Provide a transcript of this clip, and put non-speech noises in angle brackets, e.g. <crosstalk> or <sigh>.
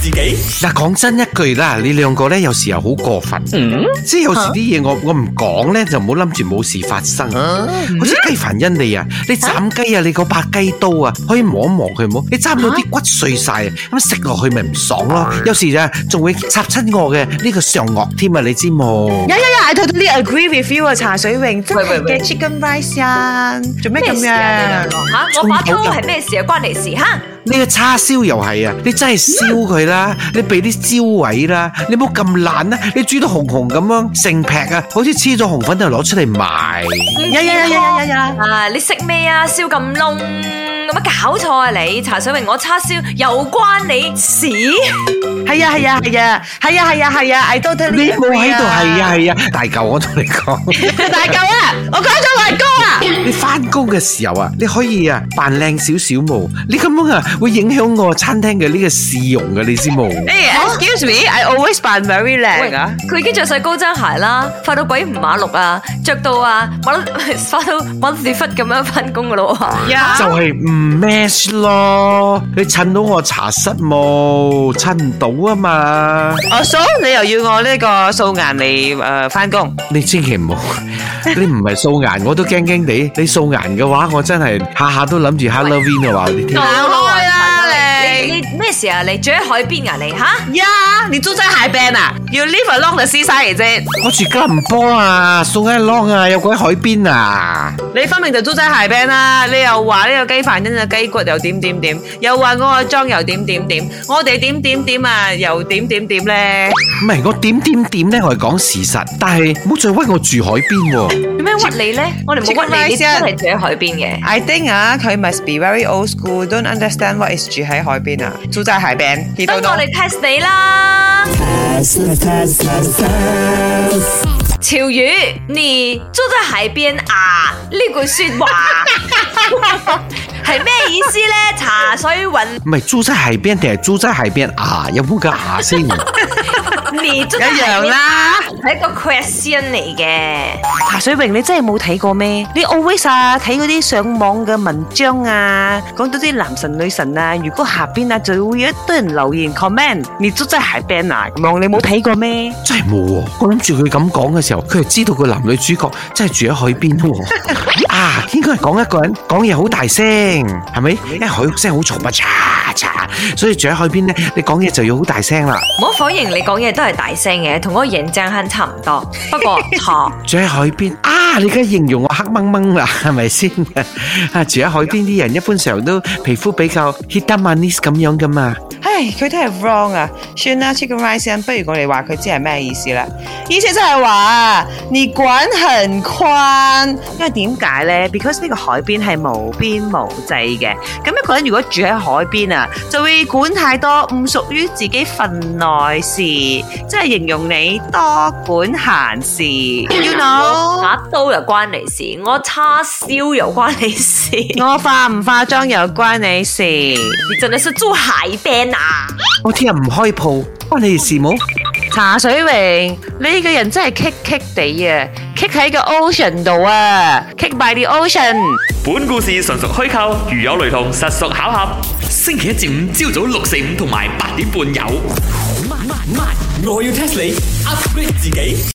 自己嗱，講真一句啦，你兩個咧有時候好過分，嗯、即係有時啲嘢我我唔講咧就唔好諗住冇事發生，好似雞凡恩你斬雞啊，你斬雞啊，你嗰把雞刀啊可以摸一摸佢唔好，你斬到啲骨碎晒啊，咁食落去咪唔爽咯，有時啊仲會插親我嘅呢個上顎添啊，你知冇？有有有，I totally agree with you rice, 啊，茶水泳，真係嘅 chicken rice 啊，做咩咁樣？吓，我把刀係咩事啊？關你事哈？呢個叉燒又係啊！你真係燒佢啦，你俾啲焦位啦，你唔好咁爛啊。你煮到紅紅咁樣成劈啊，好似黐咗紅粉就攞出嚟賣。呀呀呀呀呀呀！啊，你食咩啊？燒咁㶶？有冇搞錯啊你？茶水明，我叉燒又關你事？係啊係啊係啊係啊係啊係啊！I don't know you. 你冇喺度係啊係啊大嚿，我同你講大嚿啊！我講咗大工啦。你翻工嘅時候啊，你可以啊扮靚少少冇，你咁樣啊會影響我餐廳嘅呢個市容嘅，你知冇？Excuse me, I always 扮 very 靚啊！佢已經着晒高踭鞋啦，發到鬼唔馬六啊，着到啊，搵發到搵屎忽咁樣翻工噶咯喎，就係唔。唔咩事咯，你趁到我茶室冇？趁唔到啊嘛。阿叔，你又要我呢個素顏嚟誒翻工？你千祈唔好，你唔係素顏我都驚驚地。你素顏嘅話，我真係下下都諗住 Halloween 嘅話。你放開啦你！你咩事啊？你住喺海邊啊？你吓呀？你住喺海邊啊？要 live along the seaside 啫，我住金波啊，住喺 long 啊，又住喺海邊啊。你分明就住在海邊啦，你又話呢個雞飯因個雞骨又點點點，又話我個妝又點點點，我哋點點點啊，又點點點咧。唔係我點點點咧，我係講事實，但係唔好再屈我住海邊喎。做咩屈你咧？我哋唔屈你先啊。真係住喺海邊嘅。I think 啊，佢 must be very old school，don't understand what is 住喺海邊啊。住在海邊。等我嚟 test 你啦。潮語，你住在海邊啊？呢句說話係咩意思咧？茶水雲，唔係住在海邊定係住在海邊啊？有冇搞錯先？你一樣啦。係一個 question 嚟嘅，夏水榮，你真係冇睇過咩？你 always 啊睇嗰啲上網嘅文章啊，講到啲男神女神啊，如果下面啊就會有一堆人留言 comment，你都真係係病啊！望你冇睇過咩？真係冇，我諗住佢咁講嘅時候，佢係知道個男女主角真係住喺海邊啊。 <laughs> 啊、應該講一個人講嘢好大聲，係咪？因為海聲好嘈，咪嚓嚓。所以住喺海邊咧，你講嘢就要好大聲啦。唔好否認你講嘢都係大聲嘅，同嗰個形象肯差唔多。不過錯， <laughs> 住喺海邊啊！你而家形容我黑蒙蒙啦，係咪先？啊， <laughs> 住喺海邊啲人一般上都皮膚比較 hitam manis 咁樣噶嘛。佢都係 wrong 啊！算啦，出個壞聲，不如我哋話佢知係咩意思啦。意思即係話你管很寬，因為點解呢？Because 呢個海邊係無邊無際嘅，咁一個人如果住喺海邊啊，就會管太多唔屬於自己份內事，即係形容你多管閒事。You know，我拔刀又關你事，我叉燒又關你事，我化唔化妝又關你事。你真的是住海邊啊？我聽日唔開鋪，關、啊、你哋事冇。茶水榮呢個人真係棘棘哋啊，棘喺個 ocean 度啊，棘 by the ocean。本故事純屬虛構，如有雷同，實屬巧合。星期一至五朝早六四五同埋八點半有。Oh my, my, my, 我要 test 你，upgrade 自己。